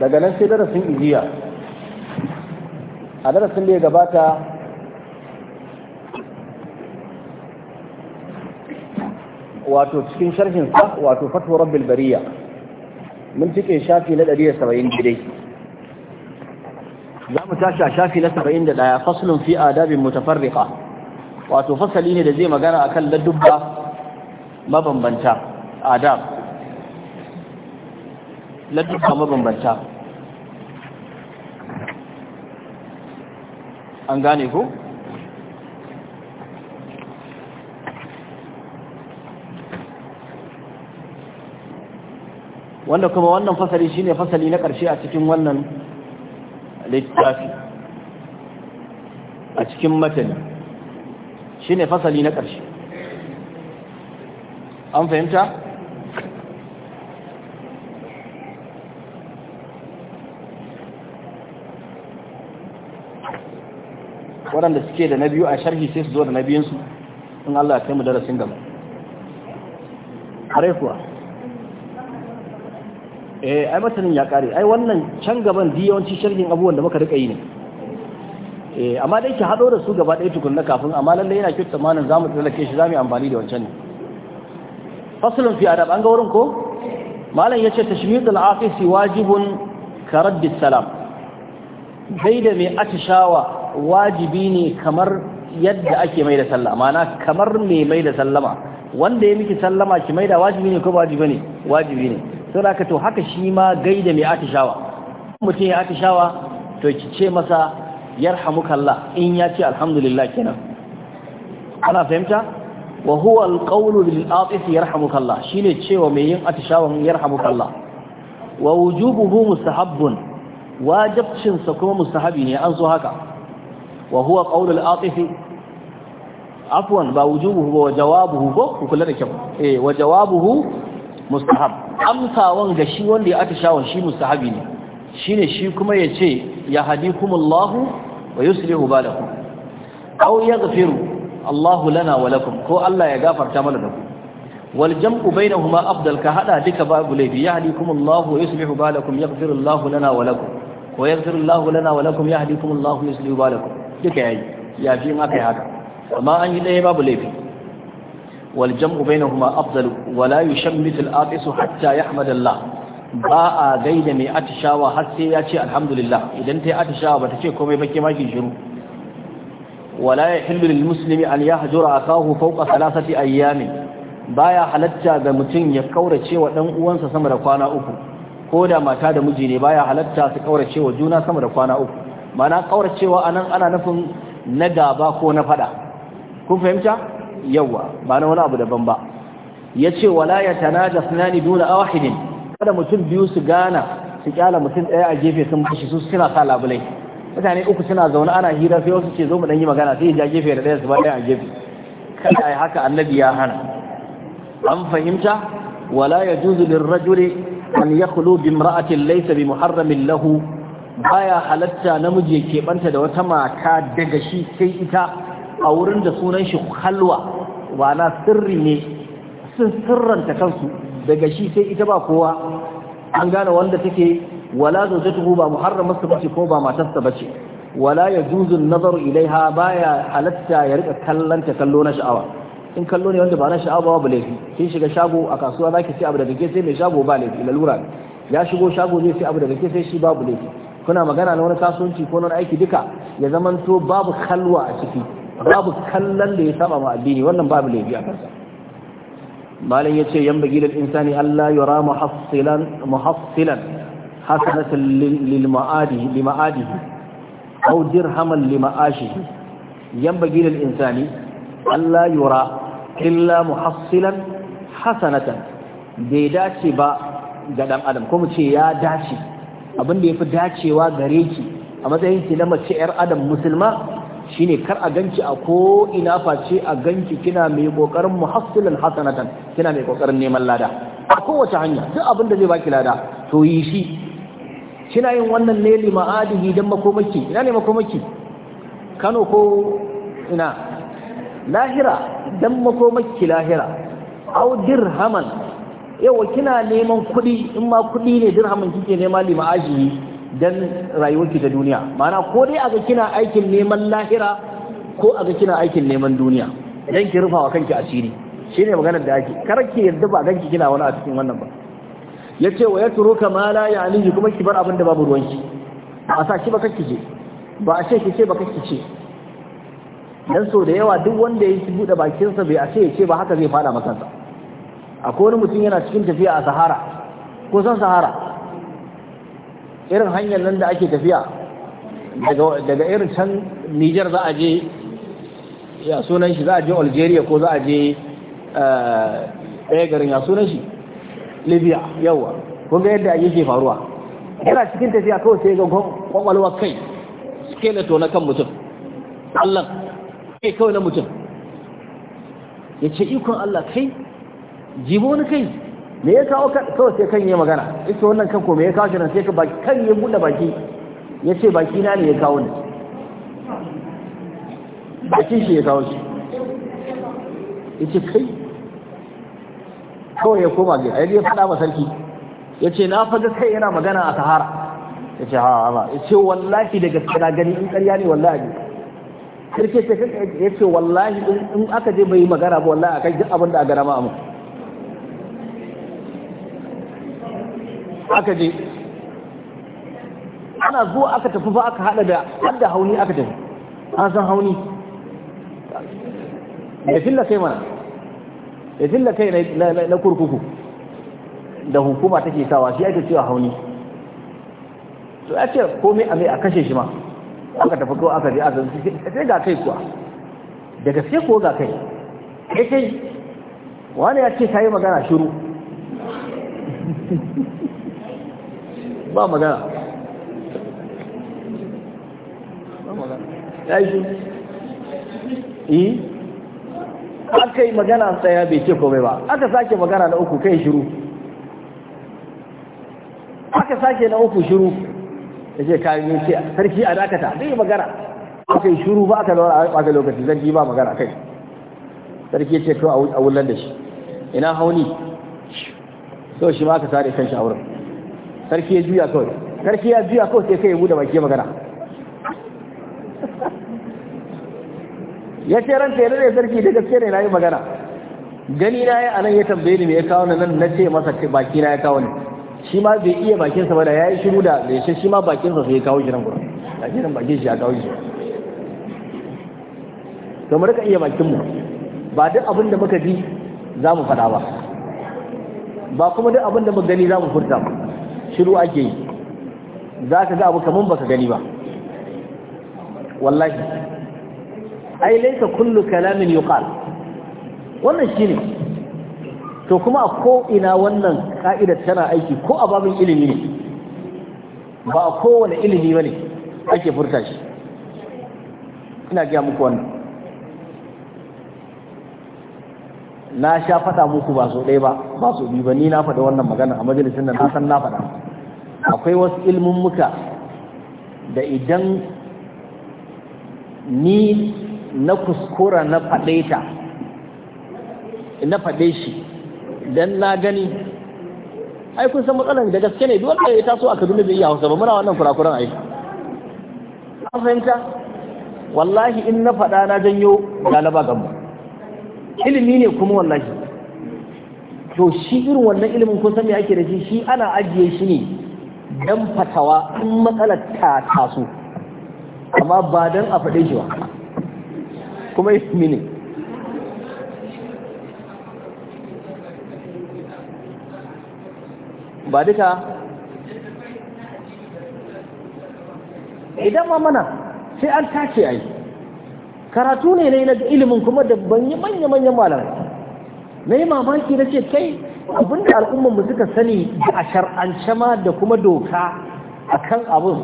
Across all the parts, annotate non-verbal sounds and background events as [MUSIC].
daga nan sai darasin ijiya a darasin da ya gabata wato cikin sharhinsa wato fatuwar rabbil bariya mun cike shafi na 170 daidai za mu tashi a shafi na 71 faslun fi adabin mutafarriqa wato fasali ne da zai magana akan ladubba mabambanta adab ladduka mabambanta an gane ku? wanda kuma wannan fasali shine fasali na ƙarshe a cikin wannan littafi a cikin matani shine fasali na ƙarshe an fahimta? waɗanda suke da na biyu a sharhi sai su zo da na biyunsu in Allah sai mu darasin gaba har kuwa eh ai matanin ya kare ai wannan can gaban di yawanci sharhin abubuwan da muka rika yi ne eh amma dai ki hado da su gaba ɗaya tukunna kafin amma lalle yana kyautar manin zamu tsallake shi zamu yi amfani da wancan ne fasalun fi adab an ga wurin ko malam yace tashmid al si wajibun ka raddi salam bai da mai atishawa wajibi ne kamar yadda ake mai da sallama mana kamar mai mai da sallama wanda ya miki sallama ki mai da wajibi ne ko wajibi ne wajibi ne to to haka shi ma gaida mai atishawa mutum ya atishawa to ki ce masa yarhamukallah in ya ce alhamdulillah kenan ana fahimta wa huwa alqawlu lil atif yarhamukallah shine cewa mai yin atishawan yarhamukallah wa wujubuhu mustahabbun wajibcin sa kuma mustahabi ne an so haka wa huwa qaulul atifi afwan ba wujubuhu wa jawabuhu ba ku kula da kyau eh wa jawabuhu mustahab amsawan ga shi wanda ya atishawan shi mustahabi ne shine shi kuma yace ya hadikumullahu wa yuslihu balakum aw yaghfiru Allahu lana wa ko Allah ya gafarta mana da ku wal jam'u bainahuma afdal ka hada duka babu laifi ya hadikumullahu lana lana duka yayi ya fi ma kai haka amma an yi ɗaya babu laifi wal jam'u bainahuma afdalu wa la yushammitu al aqisu hatta yahmad Allah ba a gaida mai atishawa har sai ya ce alhamdulillah idan ta yi atishawa ba ta ce komai ba ke maki shiru wala yahillu lil muslimi an yahjura akahu fawqa thalathati ayyamin baya halatta ga mutum ya kaurace wa dan uwansa sama da kwana uku ko da mata da miji ne baya halatta su kaurace wa juna sama da kwana uku mana kauracewa anan ana nufin na gaba ko na fada kun fahimta yawa ba na wani abu daban ba yace wala yatanajasnani duna wahidin kada mutum biyu su gana su kyala mutum ɗaya a gefe sun bashi su suna sa labulai mutane uku suna zaune ana hira sai wasu ce zo mu yi magana sai ya gefe da ɗaya su ba ɗaya a gefe kada yi haka annabi ya hana an fahimta wala yajuzu lirrajuli an yakhlu bi imra'atin laysa bi muharramin lahu baya halatta namiji ya keɓanta da wata mata daga shi sai ita a wurin da sunan shi halwa ba na sirri ne sun sirranta kansu daga shi sai ita ba kowa an gane wanda take wala zawjatuhu ba masu bace ko ba matarsa bace wala yajuzu an-nazaru ilaiha baya halatta ya rika ta kallo na sha'awa in kallo ne wanda ba na sha'awa ba laifi kin shiga shago a kasuwa zaki sai abu da kake sai mai shago ba laifi lalura ya shigo shago zai sai abu da kake sai shi babu laifi kuna magana na wani kasuwanci ko na aiki duka ya zamanto babu kalwa a ciki babu kallon da ya saba ma addini wannan babu laifi a kansa malam yace yan bagilal insani Allah yara muhassilan muhassilan hasanatan lil ma'adi li ma'adi aw dirhaman li ma'ashi yan bagilal insani Allah yara illa muhassilan hasanatan bai dace ba ga dan adam kuma ce ya dace abin da ya fi dacewa gare ki a matsayin ki na mace yar adam musulma shine kar a ganki a ko ina face a ganki kina mai kokarin muhassilan hasanatan kina mai kokarin neman lada a kowace hanya duk abin da zai baki lada to yi shi kina yin wannan ne lima adihi dan makomaki ina ne makomaki Kano ko ina lahira dan makomaki lahira au dirhaman yawa kina neman kuɗi in ma kuɗi ne dirhamin kike nema lima'aji dan rayuwarki ta duniya ma'ana ko dai aga kina aikin neman lahira ko aga kina aikin neman duniya dan ki rufa wa kanki asiri shine maganar da ake kar ki yarda ba ganki kina wani a cikin wannan ba yace wa yatruka ma la ya'ni kuma ki bar abin da babu ruwanki ba sa ki ba kake je ba a ce ki ce ba kake ce dan so da yawa duk wanda ya buɗe bakinsa bai a ce ya ce ba haka zai fada makansa akwai wani mutum yana cikin tafiya a sahara ko san sahara irin hanyar nan da ake tafiya daga irin can nijar za a je ya sunan shi za a je algeria ko za a je daya eh, garin ya sunan shi libya yawa kunga yadda yake faruwa yana cikin tafiya kawai sai ga kwakwalwa kai suke na kan mutum allah kai kawai na mutum ya ce ikon allah kai jibo wani kai me ya kawo kan kawai sai kan yi magana ita wannan kan ko me ya kawo shi nan sai ka kan ya buɗe baki ya ce baki na ne ya kawo ni bakin shi ya kawo shi ya ce kai kawai ya koma gida ya faɗa ma sarki ya ce na faga kai yana magana a sahara ya ce hawa ba ya ce wallahi da gaske na gani in ƙarya ne wallahi sarki ya ce wallahi in aka je bai magana ba wallahi a kan abin da a gara ma amma aka je ana zuwa aka tafi fa aka hada da hada hauni aka tafi an san hauni ya filla kai mana ya filla kai na kurkuku da hukuma take sawa shi ake cewa hauni to ya ce komai a mai a kashe shi ma aka tafi ko aka je aka sai ga kai kuwa da gaske ko ga kai kai kai wani ya ce ta yi magana shiru [LAUGHS] ba magana ya yi yi eh? aka yi magana tsaya bai ce komai ba aka sake magana na uku kai shiru aka sake na uku shiru ya ce kayan yin ce sarki a dakata zai yi magana aka yi shiru ba aka lura a lokaci zan ba magana kai sarki ce to a wulan da shi ina hauni so shi ma aka sare kan shi a wurin sarki ya juya kawai sarki ya juya kawai sai kai ya bude baki magana ya ce ranta ya dade sarki da gaske ne na yi magana gani na ya anan ya tambaye ni me ya kawo nan na ce masa baki na ya kawo ni shi ma bai iya bakinsa ba da ya yi shiru da bai ce shi ma bakinsa sai ya kawo shi nan gurin a jiran bakin shi ya kawo shi to mu rika iya bakinmu ba duk abin da muka ji za mu faɗa ba ba kuma duk abin da muka gani za mu furta ba shiru ake yi za ka ga abu kaman baka gani ba wallahi ai laisa kullu kalamin yuqal wannan shine to kuma a ko ina wannan ka'idar tana aiki ko a babin ilimi ne ba a kowane ilimi bane ake furta shi ina ga muku wannan na sha faɗa muku ba so ɗaya ba ba so biyu ba ni na faɗa wannan magana a majalisin da na san na faɗa akwai wasu ilmummuka da idan ni na kuskura na faɗe ta na faɗe shi don na gani ai kun san matsalar da gaske ne duwanda ya taso a kaduna zai iya hausa ba muna wannan kurakuran aiki. an fahimta wallahi in na faɗa na janyo galaba gamu ilimi ne kuma wallahi to shi irin wannan ilimin kun san me ake da shi shi ana ajiye shi ne dan fatawa in matsalar ta taso amma ba dan a faɗe shi ba kuma ismi ne ba duka idan ma mana sai an tace yi, karatu ne na ilimin kuma da banyi manya-manyan malamai na yi mamaki na ce kai abin da mu suka sani a shar'ance ma da kuma doka a kan abin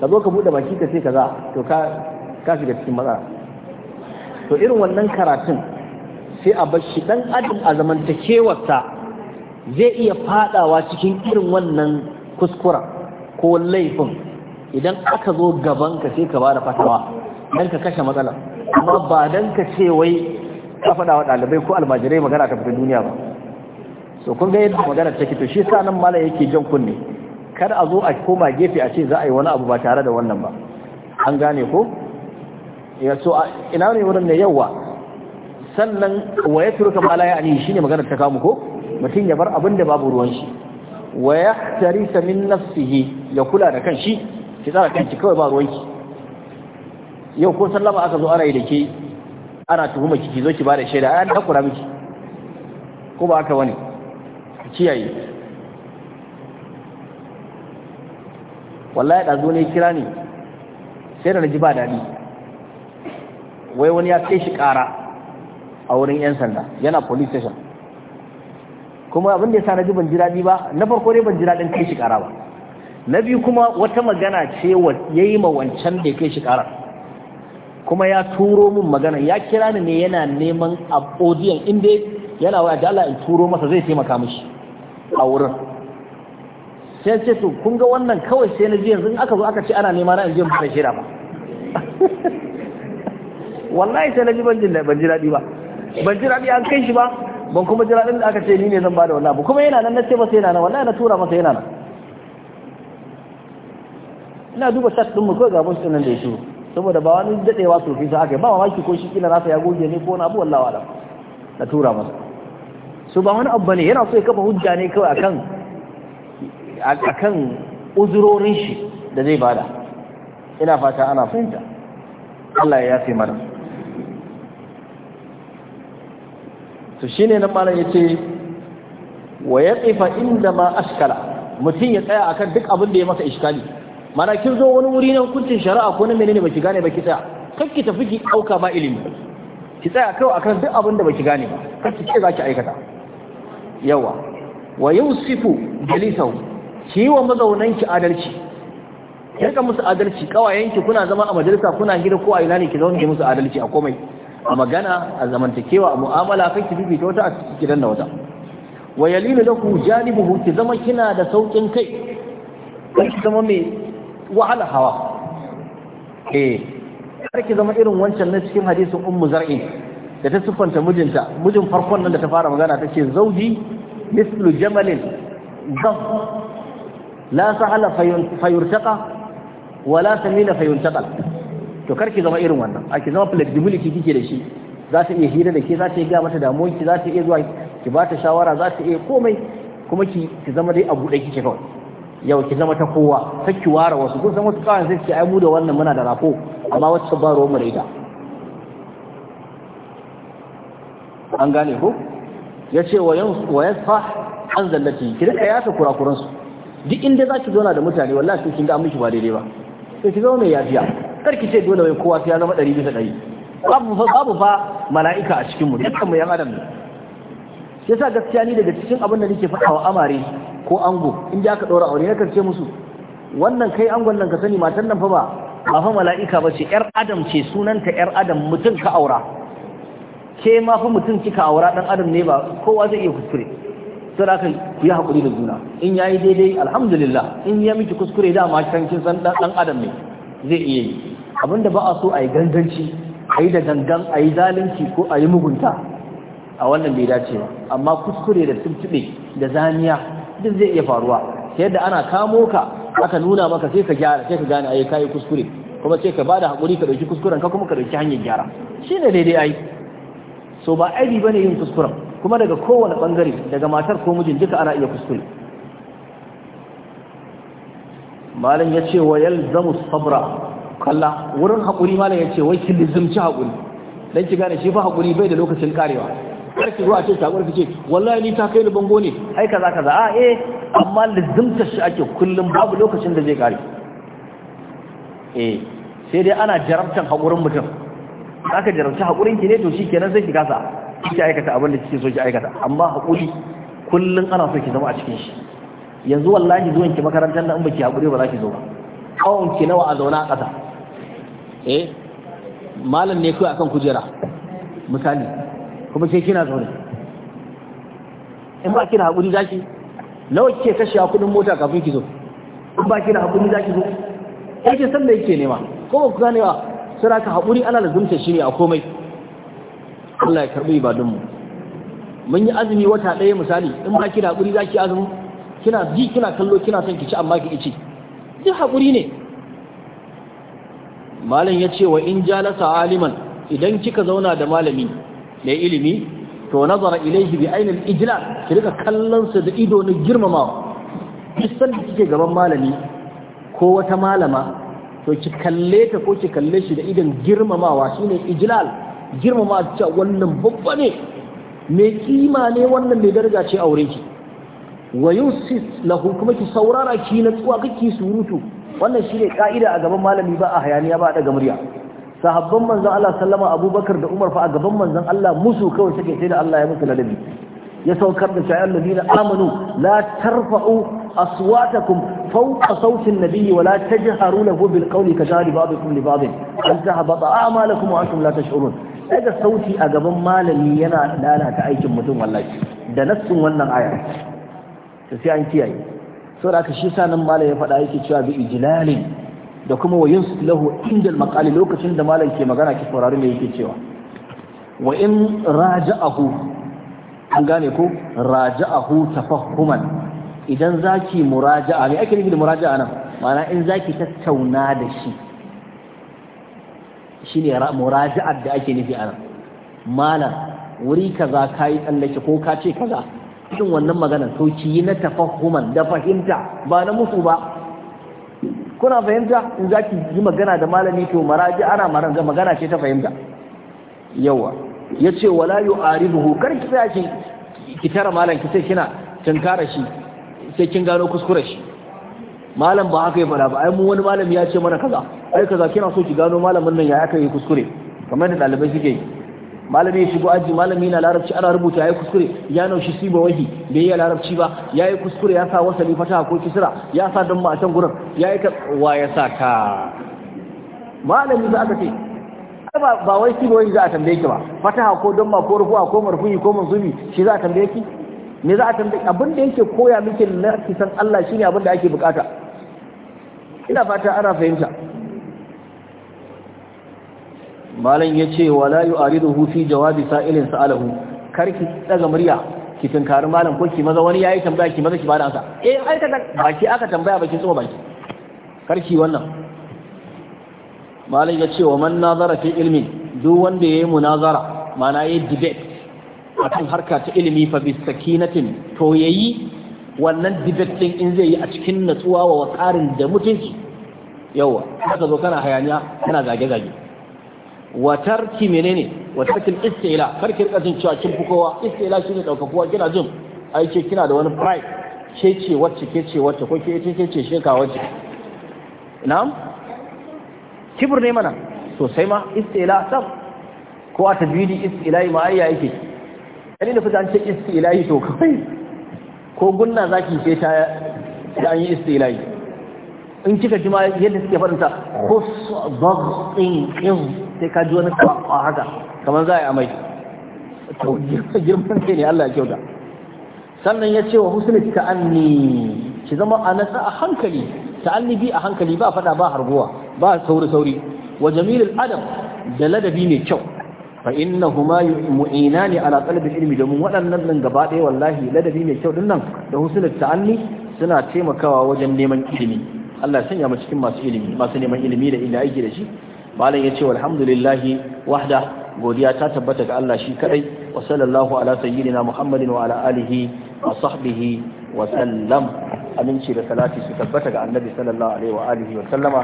ka zo ka buɗe baki ka sai za to ka shiga cikin matsala to irin wannan karatun sai a bar shi ɗan adam a zamantakewarsa zai iya faɗawa cikin irin wannan kuskura ko laifin idan aka zo gaban ka sai ka bada fatawa dan ka kashe matsalar. amma ba dan ka ce wai ka faɗa wa ɗalibai ko almajirai magana ta fita duniya ba so kun ga yadda magana take to shi sa nan yake jan kunne kar a zo a koma gefe a ce za a yi wani abu ba tare da wannan ba an gane ko ya so ina ne wurin ne yawa sannan wa ya turuka ma shine magana ta kamu ko mutum ya bar abin da babu ruwan shi wa yahtarisa min nafsihi ya kula da kanshi ki tsara kanki kawai ba ruwan ki yau ko sallama aka zo ana yi da ke ana tuhuma ki ki zo ki ba da shaida ai an hakura miki ko ba haka wani kiyaye wallahi zo ne kira ne sai da na ji ba daɗi wai wani ya kai shi ƙara a wurin 'yan sanda yana police station kuma abin da ya sa na ji ban ji daɗi ba na farko dai ban ji daɗin kai shi ƙara ba na biyu kuma wata magana ce ya yi ma wancan da ya kai shi ƙara kuma ya turo min magana ya kira ni ne yana neman a odiyan inda yana wa Allah in turo masa zai taimaka mishi a wurin sai ce to kun ga wannan kawai sai na ji yanzu aka zo aka ce ana nema na in je ba shira [LAUGHS] ba wallahi sai na ji ban jin ban ji daɗi ba ban ji daɗi an kai shi ba ban kuma ji daɗin da aka ce ni ne zan bada wannan ba. kuma yana nan na ce masa yana nan wallahi na tura masa yana nan ina duba chat din mu kawai ga bunsu nan da ya shiru saboda ba wani dadewa sofi sai aka ba mamaki ko shi kila nasa ya goge ne ko wani abu wallahi wala na tura masa so ba wani abu bane yana so ya kafa hujja ne kawai akan akan uzurorin shi da zai bada ina fata ana fahimta Allah ya yafe mana to shine nan malam yace wa yaqifa inda ma askala mutum ya tsaya akan duk abin da ya masa iskali mana kin zo wani wuri na hukuncin shari'a ko na menene baki gane baki tsaya ki tafi ki dauka ba ilimi ki tsaya kawai akan duk abin da baki gane ba ki ce zaki aikata yawa wa yusifu jalisahu ki wa mazaunan ki adalci kirka musu adalci kawayenki kuna zama a majalisa kuna gida ko a ina ne ki zauna ki musu adalci a komai a magana a zamantakewa a mu'amala kai ki ta wata a gidan da wata wa yalilu lahu janibuhu ki zama kina da saukin kai ki zama mai wahala hawa eh kar ki zama irin wancan na cikin hadisin ummu zar'i da ta siffanta mijinta mijin farkon nan da ta fara magana ta ce zauji mislu jamalin zam la sahala fayurtaqa wa la samila fayuntaqa to karki zama irin wannan a ki zama flexibility kike da shi za ta iya hira da ke za ta iya mata damuwar ki za ta iya zuwa ki ba ta shawara za ta iya komai kuma ki ki zama dai a buɗe kike kawai yau ki zama ta kowa sai ki ware wasu kun san wasu kawai sai ki ai mu da wannan muna da rafo amma wasu ba ruwan mu da ita an gane ko ya ce wa fa an zallati ki rika yafe kurakuransu. duk inda za ki zauna da mutane wallahi sai kin ga miki ba daidai ba sai ki zauna yafiya kar ki ce dole wai kowa sai ya zama ɗari bisa ɗari babu fa babu fa mala'ika a cikin mu dukkan mu yan adam ne yasa gaskiya ni daga cikin abin da nake faɗa wa amare ko ango in aka ɗora aure na karshe musu wannan kai angon nan ka sani matan nan fa ba ba fa mala'ika ba ce yar adam ce sunanta yar adam mutum ka aura ke ma fa mutum kika aura dan adam ne ba kowa zai iya kuskure sai da kai ya hakuri da juna in yayi daidai alhamdulillah in ya miki kuskure da ma kan kin san dan adam ne zai iya yi abinda ba a so ayi ganganci a yi da gangan a yi zalunci ko a yi mugunta a wannan bai dace ba amma kuskure da tuntuɓe da zaniya duk zai iya faruwa ta yadda ana kamo ka aka nuna maka sai ka gyara sai ka gane ayi kayi kuskure kuma sai ka bada hakuri ka dauki kuskuren ka kuma ka dauki hanyar gyara shine daidai ai so ba aibi bane yin kuskuren kuma daga kowane bangare daga matar ko mijin duka ana iya kuskure malam ya ce wa yalzamu sabra kalla wurin hakuri malam ya ce wai ki lizumci hakuri. dan ki gane shi fa hakuri bai da lokacin karewa kar ki a ce ta gurfi ce wallahi ni ta kai ni bango ne ai kaza kaza a eh amma lizumta shi ake kullum babu lokacin da zai kare eh sai dai ana jarabtan haƙurin mutum aka jarabci haƙurin ki ne to shi kenan sai ki kasa ki aikata abin da kike so ki aikata amma haƙuri kullum ana so ki zama a cikin shi yanzu wallahi zuwan ki makarantar nan in baki haƙuri ba za ki zo ba kawon ki nawa a zauna a ƙasa eh malam ne kawai akan kujera misali kuma sai kina zaune in ba kina haƙuri zaki nawa kike kashewa kuɗin mota kafin ki zo in ba kina haƙuri zaki zo kike san me kike nema ko ba ku ganewa sai aka haƙuri ana lazumta shi ne a komai Allah ya karɓi ibadunmu mun yi azumi wata ɗaya misali in ma kina haƙuri za ki azumi kina ji kina kallo kina son ki ci amma ki ci duk haƙuri ne malam ya ce wa in jalasa aliman idan kika zauna da malami mai ilimi to nazara ilaihi bi ainil ijlal ki rika kallon sa da ido na girmamawa kisan da kike gaban malami ko wata malama to ki kalle ta ko ki kalle shi da idan girmamawa shine ijlal girmama cewa wannan babba ne mai kima ne wannan mai daraja ce aure ki wa yusis lahu kuma ki saurara ki natsuwa kake surutu wannan shine ka'ida a gaban malami ba a hayaniya ba a daga murya sahabban manzon Allah sallama Abubakar da Umar fa a gaban manzon Allah musu kawai suke sai da Allah ya musu ladabi ya saukar da shayar ladina amanu la tarfa'u aswatakum فوق صوت النبي ولا ta له بالقول كجهر بعضكم لبعض أن تهبط أعمالكم وأنتم لا تشعرون daga sauti a gaban malami yana lalata aikin mutum wallahi da nassin wannan aya to sai an kiyaye so da aka shi sa nan malam ya faɗa yake cewa bi ijlalin da kuma wa yuslahu inda maqali lokacin da malam ke magana ki saurari me yake cewa wa in raja'ahu an gane ko raja'ahu tafahuman idan zaki muraja'a me ake nufi da muraja'a nan ma'ana in zaki tattauna da shi Shi ne muraja'ar da ake nufi a nan. malam wuri kaza yi tsallake ko ka ce kaza cikin wannan magana to ki yi na tafahuman da fahimta ba na musu ba kuna fahimta in zaki yi magana da malami to maraji ana maranga magana ce ta fahimta yawa ce wala yu'aribuhu kar ki tsaya ki ki tara malam ki sai kina tunkara shi sai kin gano kuskuren shi malam ba haka ya fara ba ai mu wani malami ya ce mana kaza ai kaza kina so ki gano malamin nan ya aka yi kuskure kamar da dalibai suke yi malami ya shigo aji malami na larabci ana rubuta yi kuskure ya naushi shi ba wahi bai yi larabci ba Ya yi kuskure ya sa wasali fata ko kisira ya sa dan ma a can gurin yi ka wa ya sa ka malami za ka ce ba wai si ba wahi za a tambaye ki ba fata ko dan ma ko rufuwa, ko marfu'i ko manzubi shi za a tambaye ki me za a tambaye abin da yake koya miki na kisan Allah shine abin da ake bukata ina fata ana fahimta malam yace wala yu'ariduhu fi jawabi sa'ilin sa'alahu karki daga murya ki karin malam ko ki maza wani yayi tambaya ki maza ki bada ansa eh ai ka baki aka tambaya baki tsoma baki karki wannan malam yace wa man nazara fi ilmi duk wanda yayi munazara mana yayi debate akan harka ta ilimi fa bi sakinatin to yayi wannan debate in zai yi a cikin natsuwa wa wakarin da mutunci yawa haka zo kana hayaniya kana zage zage wa tarki menene wa tarki istila karki rika jin cewa kin kowa istila ne dauka kowa kina jin ai ce kina da wani pride ce ce wacce ke ce wacce ko ke ce ke ce ka wacce na'am kibir ne mana sosai ma istila sab ko a tabidi istila yi ayya yake kare da fita an ce istilahi to kawai ko gunna za ki sai ta da an yi istilahi in kika ji ma yadda suke faɗinta: ko bagin in sai ka ji wani a haka kamar za a yi amai to girman kai ne Allah ya kyauta sannan ya ce wa husnul ta'anni ki zama a nasa a hankali bi a hankali ba fada ba harguwa ba sauri sauri wa jamilul adam da ladabi mai kyau fa innahuma mu'inani ala talabil ilmi domin waɗannan nan gaba ɗaya wallahi ladabi mai kyau dinnan da husnul ta'anni suna taimakawa wajen neman ilimi Allah sanya mu cikin masu ilimi masu neman ilimi da inda aiki da shi malam yace walhamdulillahi wahda godiya ta tabbata ga Allah shi kadai wa sallallahu ala sayyidina muhammadin wa ala alihi wa sahbihi wa sallam aminci da salati su tabbata ga annabi sallallahu alaihi wa alihi wa sallama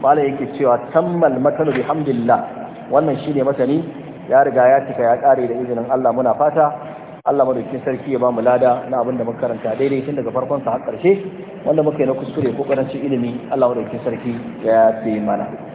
malam yake cewa tammal matalu bihamdillah wannan shine masani ya riga ya cika ya kare da izinin Allah muna fata Allah madaukakin sarki ya bamu lada na abin da muka karanta daidai tun daga farkon sa har karshe wanda muka yi na kuskure ko ƙarancin ilimi Allah madaukakin sarki ya fi mana